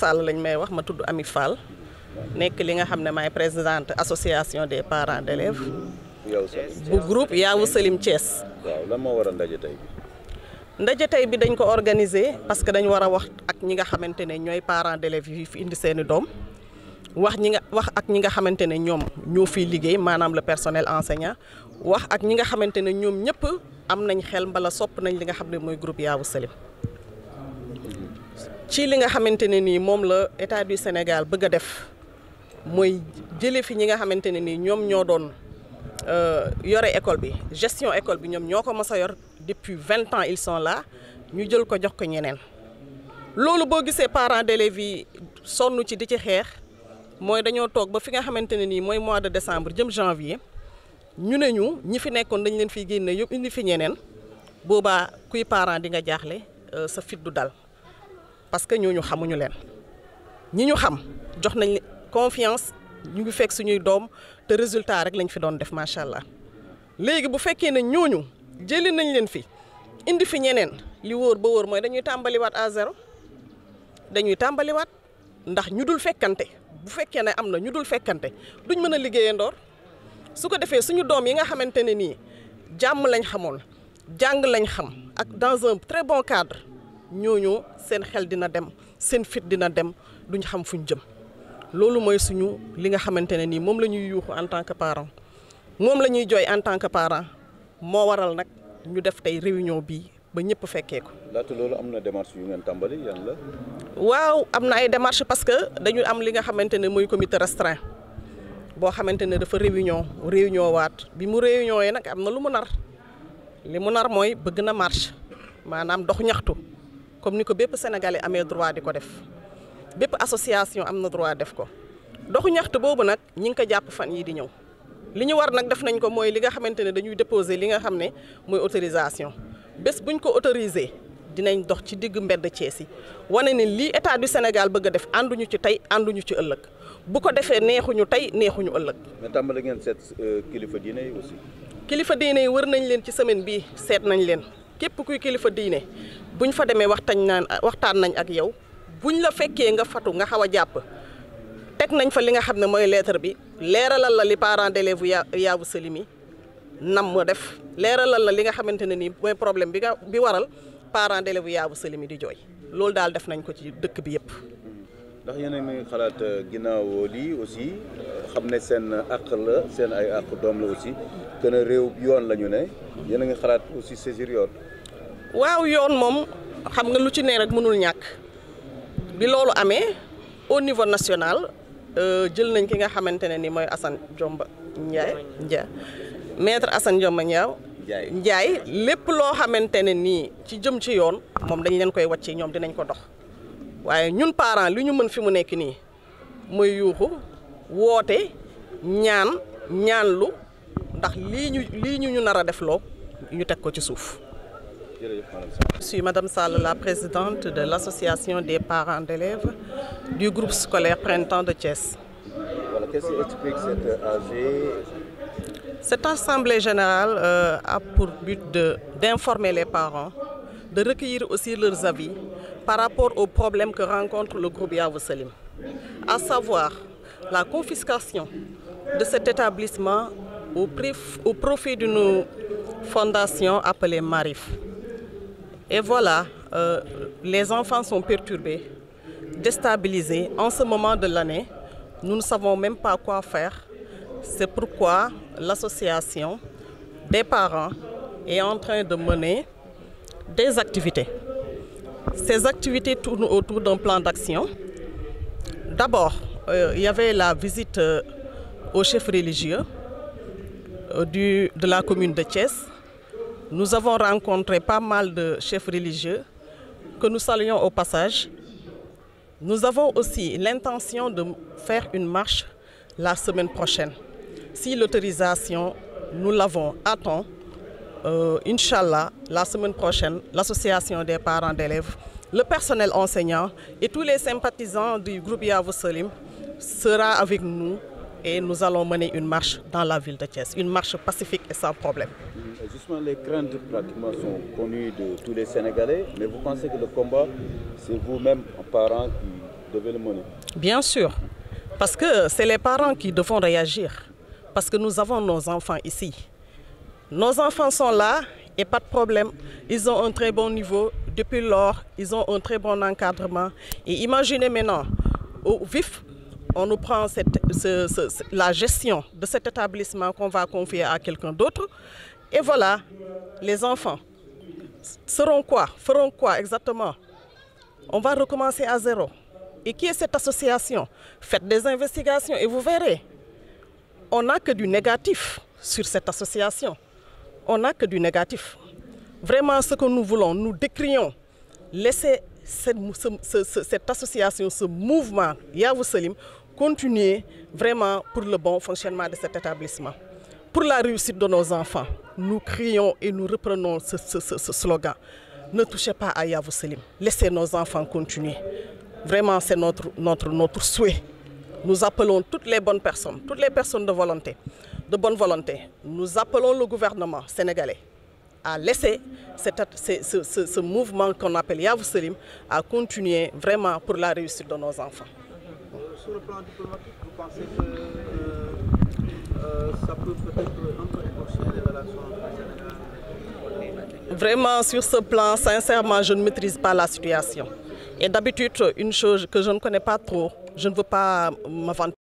Sall lañ may wax ma tudd Ami Fall nekk li nga xam ne maay présidente association des parents d'élèves bu groupe Yaawu Salim Thiès. waaw moo waral ndaje tey bi. tey bi dañ ko organiser parce que dañ war a wax ak ñi nga xamante ne ñooy parents d'élèves yi fi indi seeni doom wax ñi nga wax ak ñi nga xamante ne ñoom ñoo fiy liggéey maanaam le personnel enseignant wax ak ñi nga xamante ne ñoom ñëpp am nañ xel mbala sopp nañ li nga xam ne mooy groupe Yaawu Salim. ci li nga xamante ne nii moom la état du Sénégal bëgg a def mooy jëlee fi ñi nga xamante ne nii ñoom ñoo doon euh, yore école bi gestion école bi ñoom ñoo ko mos a yor depuis vingt ans ils son la ñu jël ko jox ko ñeneen loolu boo gisee parents d'élèves yi sonn ci di ci xeex mooy dañoo toog ba fi nga xamante ne nii mooy mois de décembre jëm janvier ñu ne ñu ñi fi nekkoon dañu leen fiy génne yëpp indi fi ñeneen boobaa kuy parent di nga jaaxle euh, sa fit du dal. parce que ñooñu xamuñu leen ñi ñu xam jox nañ confiance ñu ngi fekk suñuy doom te résultat rek lañ fi doon def macha allah léegi bu fekkee ne ñooñu jëli nañ leen fi indi fi ñeneen li wóor ba wóor mooy dañuy tàmbaliwaat à zéro dañuy tàmbaliwaat ndax ñu dul fekkante bu fekkee ne am na ñu dul fekkante duñ mën a liggéeyandoor su ko defee suñu doom yi nga xamante ne nii jàmm lañ xamoon jàng lañ xam ak dans un très bon cadre. ñooñu seen xel dina dem seen fit dina dem ñu xam fu ñu jëm loolu mooy suñu li nga xamante ne nii moom la ñuy yuuxu en tant que parent moom la ñuy jooy en tant que parent moo waral nag ñu def tey réunion bii ba ñëpp fekkee ko. laata loolu am na démarche yu ngeen tàmbali yan la. waaw am na ay démarche parce que dañu am li nga xamante ne mooy comité restreint boo xamante ne dafa réunion réunion waat bi mu réunion yi nag am na lu mu nar li mu nar mooy bëgg na marche maanaam dox ñaxtu. comme ni ko bépp sénégalais amee droit di ko def bépp association am na droit def ko doxu ñaxtu boobu nag ñi ngi ko jàpp fan yi di ñëw li ñu war nag def nañ ko mooy li nga xamante ne dañuy déposer li nga xam ne mooy autorisation bés buñ ko autorisé dinañ dox ci digg mbedd Thiès yi wane ne lii état du Sénégal bëgg a def ànduñu ci tey ànduñu ci ëllëg bu ko defee neexuñu tey neexuñu ëllëg. mais tàmbali ngeen seet euh, kilifa diine yi aussi. kilifa diine yi wër nañ leen ci semaine bii seet nañ leen. képp kuy kilifa diine buñ fa demee waxtañ naan waxtaan nañ ak yow buñ la fekkee nga fatu nga xaw a jàpp teg nañ fa li nga xam ne mooy lettre bi leeralal la li parents d'élèves ya yaabu salimi nam mu def leeralal la li nga xamante ne nii mooy problème bi nga bi waral parents d'élèves yaabu salimi di jooy loolu daal def nañ ko ci dëkk bi yëpp ndax yéen a ngi xalaat euh, lii aussi euh, xam ne seen àq seen ay àq doom la aussi réew yoon la ñu ne yéen a ngi xalaat aussi saisir yoon. waaw yoon moom xam nga lu ci ne rek mënul ñàkk bi loolu amee au niveau national euh, jël nañ ki nga xamante ne ni mooy assan jomb Ndiaye Ndiaye maître Assane Diomba Ndiaye. lépp loo xamante ne nii ci jëm ci yoon moom dañu leen koy wàccee ñoom dinañ ko dox. waaye ñun parents li ñu mën fi mu nekk nii mooy yuuxu woote ñaan ñaanlu ndax lii ñu lii ñu ñu nar a defloo ñu teg ko ci suuf. Je suis Madame salle la présidente de l'association des parents d'élèves du groupe scolaire Printemps de Thiès. Voilà, qu'est-ce qui explique cette AG? Cette assemblée générale euh, a pour but de d'informer les parents de recueillir aussi leurs avis par rapport au problèmes que rencontre le groupe Yavuz Salim, à savoir la confiscation de cet établissement au, au profit d'une fondation appelée Marif. Et voilà, euh, les enfants sont perturbés, déstabilisés. En ce moment de l'année, nous ne savons même pas quoi faire. C'est pourquoi l'association des parents est en train de mener des activités. Ces activités tournent autour d'un plan d'action. D'abord, euh, il y avait la visite euh, au chef religieux euh, du, de la commune de Thiès. Nous avons rencontré pas mal de chefs religieux que nous saluons au passage. Nous avons aussi l'intention de faire une marche la semaine prochaine. Si l'autorisation, nous l'avons à temps, euh, Inch'Allah, la semaine prochaine, l'association des parents d'élèves, le personnel enseignant et tous les sympathisants du groupe Yavuz Selim sera avec nous et nous allons mener une marche dans la ville de Thiès, une marche pacifique et sans problème. Justement, les craintes pratiquement sont connues de tous les Sénégalais, mais vous pensez que le combat, c'est vous-même, parents, qui devez le mener Bien sûr, parce que c'est les parents qui devront réagir, parce que nous avons nos enfants ici. Nos enfants sont là et pas de problème. Ils ont un très bon niveau. Depuis lors, ils ont un très bon encadrement. Et imaginez maintenant, au vif, on nous prend cette, ce, la gestion de cet établissement qu'on va confier à quelqu'un d'autre. Et voilà, les enfants seront quoi Feront quoi exactement On va recommencer à zéro. Et qui est cette association Faites des investigations et vous verrez. On n'a que du négatif sur cette association. on n'a que du négatif. Vraiment, ce que nous voulons, nous décrions, laisser cette, ce, association, ce mouvement Yavou Selim, continuer vraiment pour le bon fonctionnement de cet établissement. Pour la réussite de nos enfants, nous crions et nous reprenons ce, slogan. Ne touchez pas à Yavou Selim. Laissez nos enfants continuer. Vraiment, c'est notre, notre, notre souhait. Nous appelons toutes les bonnes personnes, toutes les personnes de volonté, de bonne volonté. Nous appelons le gouvernement sénégalais à laisser cette, ce, ce, ce, mouvement qu'on appelle Yavou à continuer vraiment pour la réussite de nos enfants. Sur le plan diplomatique, vous pensez que euh, euh, Vraiment, sur ce plan, sincèrement, je ne maîtrise pas la situation. Et d'habitude, une chose que je ne connais pas trop, je ne veux pas m'avancer.